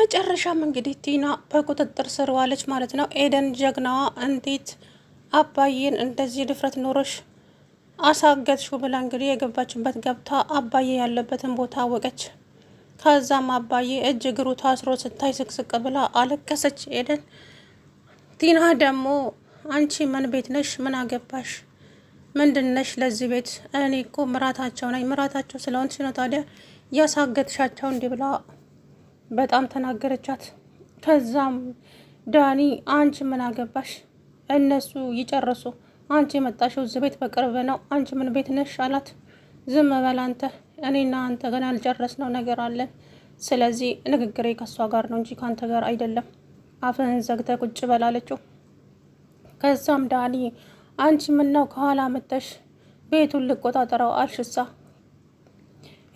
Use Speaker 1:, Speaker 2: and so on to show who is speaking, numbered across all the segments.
Speaker 1: በመጨረሻም እንግዲህ ቲና በቁጥጥር ስር ዋለች ማለት ነው። ኤደን ጀግናዋ እንዴት አባዬን እንደዚህ ድፍረት ኖሮሽ አሳገትሹ ብላ እንግዲህ የገባችበት ገብታ አባዬ ያለበትን ቦታ አወቀች። ከዛም አባዬ እጅ እግሩ ታስሮ ስታይ ስቅስቅ ብላ አለቀሰች ኤደን። ቲና ደግሞ አንቺ ምን ቤት ነሽ? ምን አገባሽ? ምንድን ነሽ ለዚህ ቤት? እኔ እኮ ምራታቸው ነኝ። ምራታቸው ስለሆንሽ ነው ታዲያ ያሳገትሻቸው እንዲህ ብላ በጣም ተናገረቻት። ከዛም ዳኒ አንቺ ምን አገባሽ? እነሱ ይጨርሱ። አንቺ የመጣሽው እዚህ ቤት በቅርብ ነው። አንቺ ምን ቤት ነሽ አላት። ዝም በል አንተ፣ እኔና አንተ ገና ያልጨረስነው ነገር አለን። ስለዚህ ንግግሬ ከእሷ ጋር ነው እንጂ ከአንተ ጋር አይደለም። አፍህን ዘግተ ቁጭ በል አለችው። ከዛም ዳኒ አንቺ ምን ነው ከኋላ መተሽ ቤቱን ልቆጣጠረው አልሽሳ?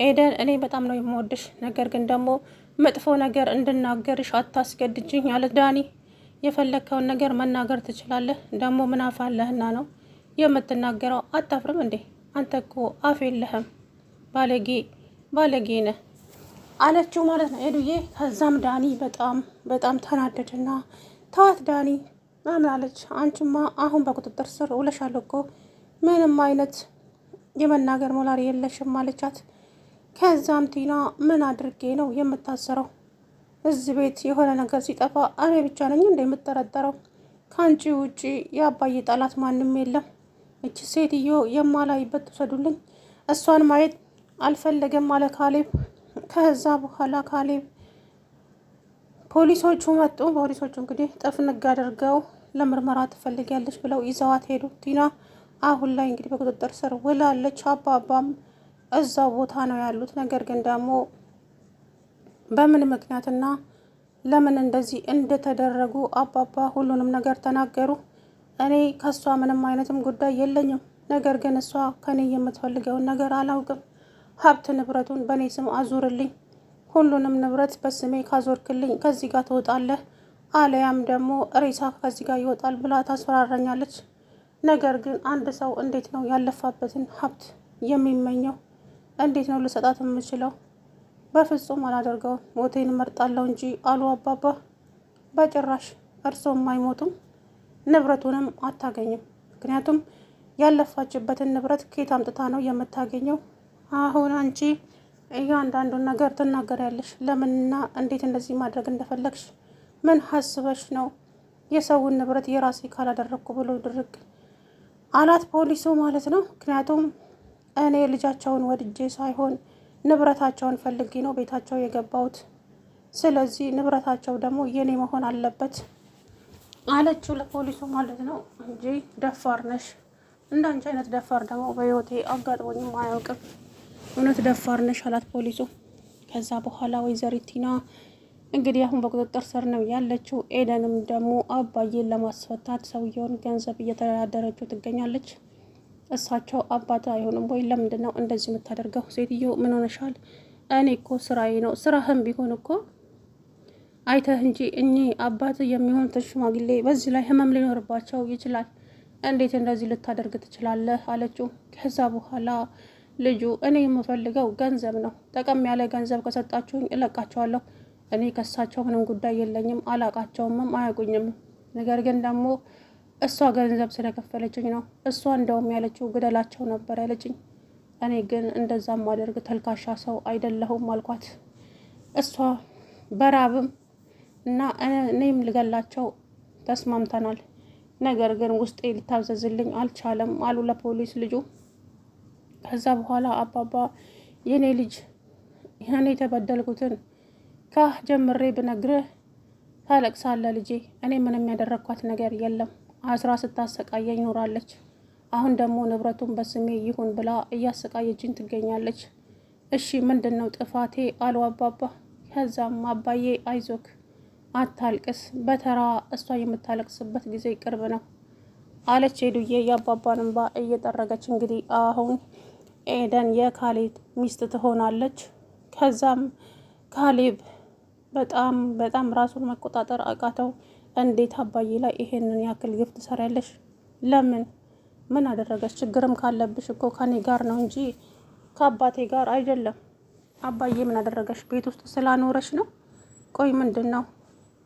Speaker 1: ኤደን፣ እኔ በጣም ነው የምወድሽ፣ ነገር ግን ደግሞ መጥፎ ነገር እንድናገርሽ አታስገድጅኝ አለ ዳኒ። የፈለግከውን ነገር መናገር ትችላለህ፣ ደግሞ ምን አፍ አለህና ነው የምትናገረው? አታፍርም እንዴ? አንተ እኮ አፍ የለህም፣ ባለጌ ባለጌ ነህ አለችው ማለት ነው ሄዱዬ። ከዛም ዳኒ በጣም በጣም ተናደድና ተዋት ዳኒ ምናምን አለች። አንቺማ አሁን በቁጥጥር ስር ውለሻል እኮ ምንም አይነት የመናገር ሞራል የለሽም አለቻት። ከዛም ቲና ምን አድርጌ ነው የምታሰረው? እዚህ ቤት የሆነ ነገር ሲጠፋ እኔ ብቻ ነኝ እንደ የምጠረጠረው። ከአንቺ ውጪ የአባዬ ጠላት ማንም የለም። እቺ ሴትዮ የማላይበት ውሰዱልኝ። እሷን ማየት አልፈለገም አለ ካሌብ። ከዛ በኋላ ካሌብ ፖሊሶቹ መጡ። ፖሊሶቹ እንግዲህ ጥፍንግ አድርገው ለምርመራ ትፈልጊያለች ብለው ይዘዋት ሄዱ። ቲና አሁን ላይ እንግዲህ በቁጥጥር ስር ውላለች። አባባም እዛው ቦታ ነው ያሉት። ነገር ግን ደግሞ በምን ምክንያትና ለምን እንደዚህ እንደተደረጉ አባባ ሁሉንም ነገር ተናገሩ። እኔ ከእሷ ምንም አይነትም ጉዳይ የለኝም። ነገር ግን እሷ ከኔ የምትፈልገውን ነገር አላውቅም። ሀብት ንብረቱን በእኔ ስም አዙርልኝ፣ ሁሉንም ንብረት በስሜ ካዞርክልኝ ከዚህ ጋር ትወጣለህ፣ አለያም ደግሞ ሬሳ ከዚህ ጋር ይወጣል ብላ ታስፈራረኛለች። ነገር ግን አንድ ሰው እንዴት ነው ያለፋበትን ሀብት የሚመኘው? እንዴት ነው ልሰጣት የምችለው? በፍጹም አላደርገውም። ሞቴን እመርጣለሁ እንጂ አሉ አባባ። በጭራሽ እርሶም አይሞቱም፣ ንብረቱንም አታገኝም። ምክንያቱም ያለፋችበትን ንብረት ኬት አምጥታ ነው የምታገኘው? አሁን አንቺ እያንዳንዱን ነገር ትናገሪያለሽ። ለምንና እንዴት እንደዚህ ማድረግ እንደፈለግሽ ምን ሀስበሽ ነው? የሰውን ንብረት የራሴ ካላደረግኩ ብሎ ድርግ አላት ፖሊሱ ማለት ነው። ምክንያቱም እኔ ልጃቸውን ወድጄ ሳይሆን ንብረታቸውን ፈልጌ ነው ቤታቸው የገባሁት። ስለዚህ ንብረታቸው ደግሞ የኔ መሆን አለበት አለችው ለፖሊሱ ማለት ነው። እንጂ ደፋር ነሽ፣ እንዳንቺ አይነት ደፋር ደግሞ በህይወቴ አጋጥሞኝም አያውቅም፣ እውነት ደፋር ነሽ አላት ፖሊሱ። ከዛ በኋላ ወይዘሪት ቲና እንግዲህ አሁን በቁጥጥር ስር ነው ያለችው። ኤደንም ደግሞ አባዬን ለማስፈታት ሰውየውን ገንዘብ እየተደራደረችው ትገኛለች። እሳቸው አባት አይሆኑም ወይ? ለምንድን ነው እንደዚህ የምታደርገው? ሴትዮ ምን ሆነሻል? እኔ እኮ ስራዬ ነው። ስራህም ቢሆን እኮ አይተህ እንጂ እኚህ አባት የሚሆን ሽማግሌ በዚህ ላይ ህመም ሊኖርባቸው ይችላል። እንዴት እንደዚህ ልታደርግ ትችላለህ? አለችው። ከዛ በኋላ ልጁ እኔ የምፈልገው ገንዘብ ነው። ጠቀም ያለ ገንዘብ ከሰጣችሁኝ እለቃቸዋለሁ። እኔ ከሳቸው ምንም ጉዳይ የለኝም፣ አላቃቸውምም፣ አያውቁኝም። ነገር ግን ደግሞ እሷ ገንዘብ ስለከፈለችኝ ነው። እሷ እንደውም ያለችው ግደላቸው ነበር ያለችኝ። እኔ ግን እንደዛም ማደርግ ተልካሻ ሰው አይደለሁም አልኳት። እሷ በራብም እና እኔም ልገላቸው ተስማምተናል። ነገር ግን ውስጤ ሊታዘዝልኝ አልቻለም አሉ ለፖሊስ ልጁ። ከዛ በኋላ አባባ የእኔ ልጅ እኔ የተበደልኩትን ካህ ጀምሬ ብነግርህ ታለቅሳለ ልጄ። እኔ ምንም ያደረግኳት ነገር የለም አስራ ስታሰቃየ ይኖራለች። አሁን ደግሞ ንብረቱን በስሜ ይሁን ብላ እያሰቃየችኝ ትገኛለች። እሺ ምንድን ነው ጥፋቴ? አሉ አባባ። ከዛም አባዬ አይዞክ፣ አታልቅስ፣ በተራ እሷ የምታለቅስበት ጊዜ ቅርብ ነው አለች ሄዱዬ የአባባን እንባ እየጠረገች። እንግዲህ አሁን ኤደን የካሌብ ሚስት ትሆናለች። ከዛም ካሌብ በጣም በጣም ራሱን መቆጣጠር አቃተው። እንዴት አባዬ ላይ ይሄንን ያክል ግፍ ትሰሪያለሽ? ለምን? ምን አደረገች? ችግርም ካለብሽ እኮ ከኔ ጋር ነው እንጂ ከአባቴ ጋር አይደለም። አባዬ ምን አደረገሽ? ቤት ውስጥ ስላኖረች ነው? ቆይ ምንድን ነው?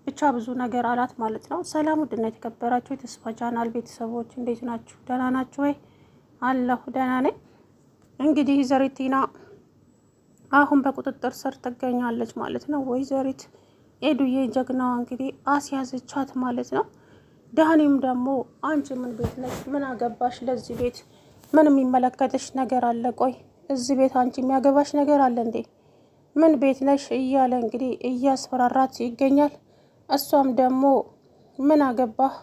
Speaker 1: ብቻ ብዙ ነገር አላት ማለት ነው። ሰላም ውድና የተከበራችሁ የተስፋ ቻናል ቤተሰቦች እንዴት ናችሁ? ደህና ናችሁ ወይ? አለሁ ደህና ነኝ። እንግዲህ ዘሪቲና አሁን በቁጥጥር ስር ትገኛለች ማለት ነው። ወይዘሪት ኤዱዬ ጀግናዋ እንግዲህ አስያዘቻት ማለት ነው። ዳኒም ደግሞ አንቺ ምን ቤት ነች? ምን አገባሽ ለዚህ ቤት? ምን የሚመለከተሽ ነገር አለ? ቆይ እዚህ ቤት አንቺ የሚያገባሽ ነገር አለ እንዴ? ምን ቤት ነሽ? እያለ እንግዲህ እያስፈራራት ይገኛል። እሷም ደግሞ ምን አገባህ?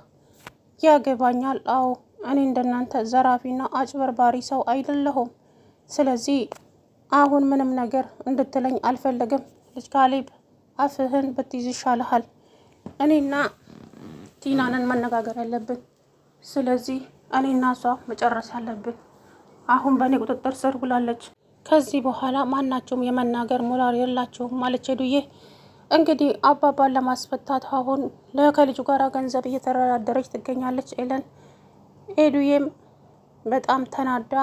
Speaker 1: ያገባኛል። አዎ እኔ እንደናንተ ዘራፊና አጭበርባሪ ሰው አይደለሁም። ስለዚህ አሁን ምንም ነገር እንድትለኝ አልፈለግም ልጅ ካሌብ አፍህን ብትይዝ ይሻልሃል። እኔና ቲናንን መነጋገር ያለብን ስለዚህ እኔና እሷ መጨረስ ያለብን አሁን በእኔ ቁጥጥር ስር ውላለች። ከዚህ በኋላ ማናቸውም የመናገር ሞራል የላቸውም ማለች ሄዱዬ። እንግዲህ አባባን ለማስፈታት አሁን ከልጁ ጋር ገንዘብ እየተደራደረች ትገኛለች ኤለን። ሄዱዬም በጣም ተናዳ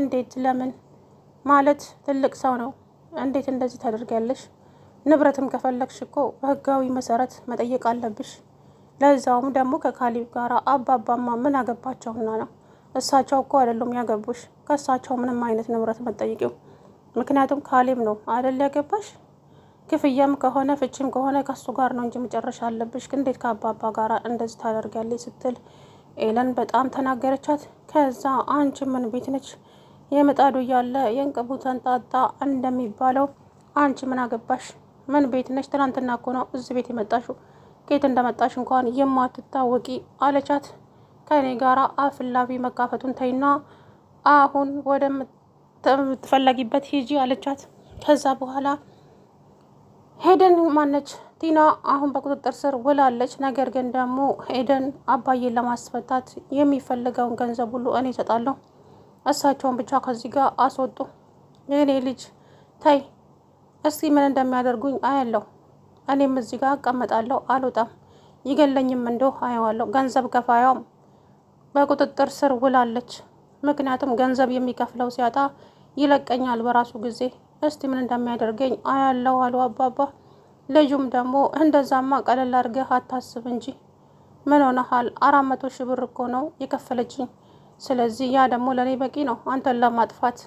Speaker 1: እንዴት ለምን ማለት ትልቅ ሰው ነው እንዴት እንደዚህ ታደርጊያለሽ? ንብረትም ከፈለግሽ እኮ በህጋዊ መሰረት መጠየቅ አለብሽ። ለዛውም ደግሞ ከካሊብ ጋር አባባማ ምን አገባቸውና ነው? እሳቸው እኮ አይደሉም ያገቡሽ። ከእሳቸው ምንም አይነት ንብረት መጠየቂው፣ ምክንያቱም ካሊብ ነው አይደል ያገባሽ። ክፍያም ከሆነ ፍቺም ከሆነ ከሱ ጋር ነው እንጂ መጨረሻ አለብሽ። እንዴት ከአባባ ጋር እንደዚህ ታደርጊያለሽ? ስትል ኤለን በጣም ተናገረቻት። ከዛ አንቺ ምን ቤት ነች የምጣዱ እያለ የእንቅቡ ተንጣጣ እንደሚባለው አንቺ ምን አገባሽ ምን ቤት ነሽ? ትናንትና እኮ ነው እዚህ ቤት የመጣሽው። ከየት እንደመጣሽ እንኳን የማትታወቂ አለቻት። ከእኔ ጋር አፍላቢ መጋፈቱን ተይና አሁን ወደምትፈላጊበት ሂጂ አለቻት። ከዛ በኋላ ሄደን ማነች ቲና አሁን በቁጥጥር ስር ውላለች። ነገር ግን ደግሞ ሄደን አባዬን ለማስፈታት የሚፈልገውን ገንዘብ ሁሉ እኔ እሰጣለሁ። እሳቸውን ብቻ ከዚህ ጋር አስወጡ። የእኔ ልጅ ተይ እስቲ ምን እንደሚያደርጉኝ አያለሁ። እኔም እዚህ ጋር እቀመጣለሁ፣ አልወጣም። ይገለኝም እንዶ አየዋለሁ። ገንዘብ ከፋያውም በቁጥጥር ስር ውላለች። ምክንያቱም ገንዘብ የሚከፍለው ሲያጣ ይለቀኛል በራሱ ጊዜ። እስቲ ምን እንደሚያደርገኝ አያለው አሉ አባባ። ልጁም ደግሞ እንደዛማ ቀለል አድርገህ አታስብ እንጂ ምን ሆነሃል? አራት መቶ ሺህ ብር እኮ ነው የከፈለችኝ። ስለዚህ ያ ደግሞ ለእኔ በቂ ነው አንተን ለማጥፋት።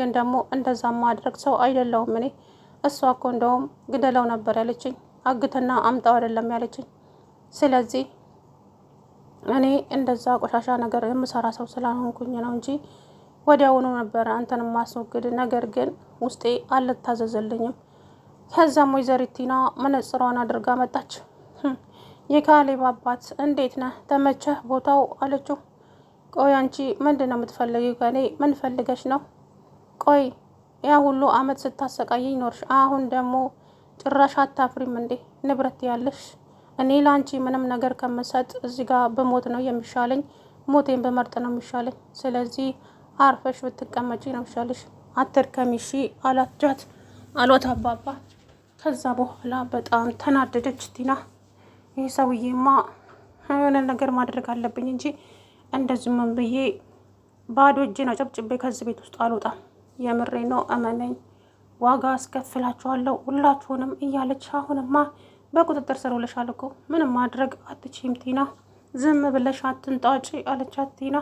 Speaker 1: ግን ደግሞ እንደዛ ማድረግ ሰው አይደለውም እኔ እሷ እኮ እንደውም ግደለው ነበር ያለችኝ፣ አግትና አምጣው አይደለም ያለችኝ። ስለዚህ እኔ እንደዛ ቆሻሻ ነገር የምሰራ ሰው ስላልሆንኩኝ ነው እንጂ ወዲያውኑ ነበር አንተን ማስወግድ። ነገር ግን ውስጤ አልታዘዘልኝም። ከዛም ወይዘሪት ቲና መነጽሯን አድርጋ መጣች። የካሌብ አባት እንዴት ነህ? ተመቸህ ቦታው? አለችው። ቆይ አንቺ ምንድን ነው የምትፈልጊው ምን ፈልገሽ ነው? ቆይ ያ ሁሉ አመት ስታሰቃየኝ ኖርሽ። አሁን ደግሞ ጭራሽ አታፍሪም እንዴ? ንብረት ያለሽ እኔ ለአንቺ ምንም ነገር ከምሰጥ እዚህ ጋር በሞት ነው የሚሻለኝ። ሞቴን በመርጥ ነው የሚሻለኝ። ስለዚህ አርፈሽ ብትቀመጪ ነው ይሻለሽ። ከሚሺ አላጃት አሏት አባባ። ከዛ በኋላ በጣም ተናደደች ቲና። ይህ ሰውዬማ የሆነ ነገር ማድረግ አለብኝ እንጂ እንደዚህ ምን ብዬ ባዶ እጄ ነው ጨብጭቤ ከዚህ ቤት ውስጥ አልወጣም። የምሬ ነው እመነኝ፣ ዋጋ አስከፍላችኋለሁ ሁላችሁንም እያለች አሁንማ በቁጥጥር ስር ውለሻል እኮ ምንም ማድረግ አትችም ቲና፣ ዝም ብለሽ አትንጣጪ አለቻት ቲና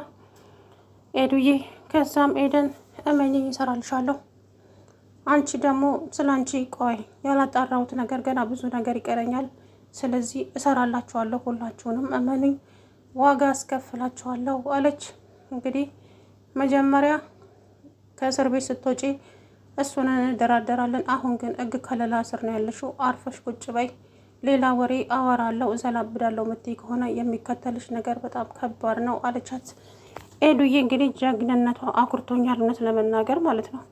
Speaker 1: ኤዱዬ። ከዛም ኤደን እመኝ ይሰራልሻለሁ አንቺ ደግሞ ስለ አንቺ ቆይ ያላጣራሁት ነገር ገና ብዙ ነገር ይቀረኛል። ስለዚህ እሰራላችኋለሁ ሁላችሁንም እመኑኝ፣ ዋጋ አስከፍላችኋለሁ አለች። እንግዲህ መጀመሪያ ከእስር ቤት ስትወጪ እሱን እንደራደራለን። አሁን ግን እግ ከለላ ስር ነው ያለሽው። አርፈሽ ቁጭ በይ። ሌላ ወሬ አወራለሁ እዘላብዳለሁ ምትይ ከሆነ የሚከተልሽ ነገር በጣም ከባድ ነው አለቻት። ኤዱዬ እንግዲህ ጀግንነቷ አኩርቶኛል፣ እውነት ለመናገር ማለት ነው።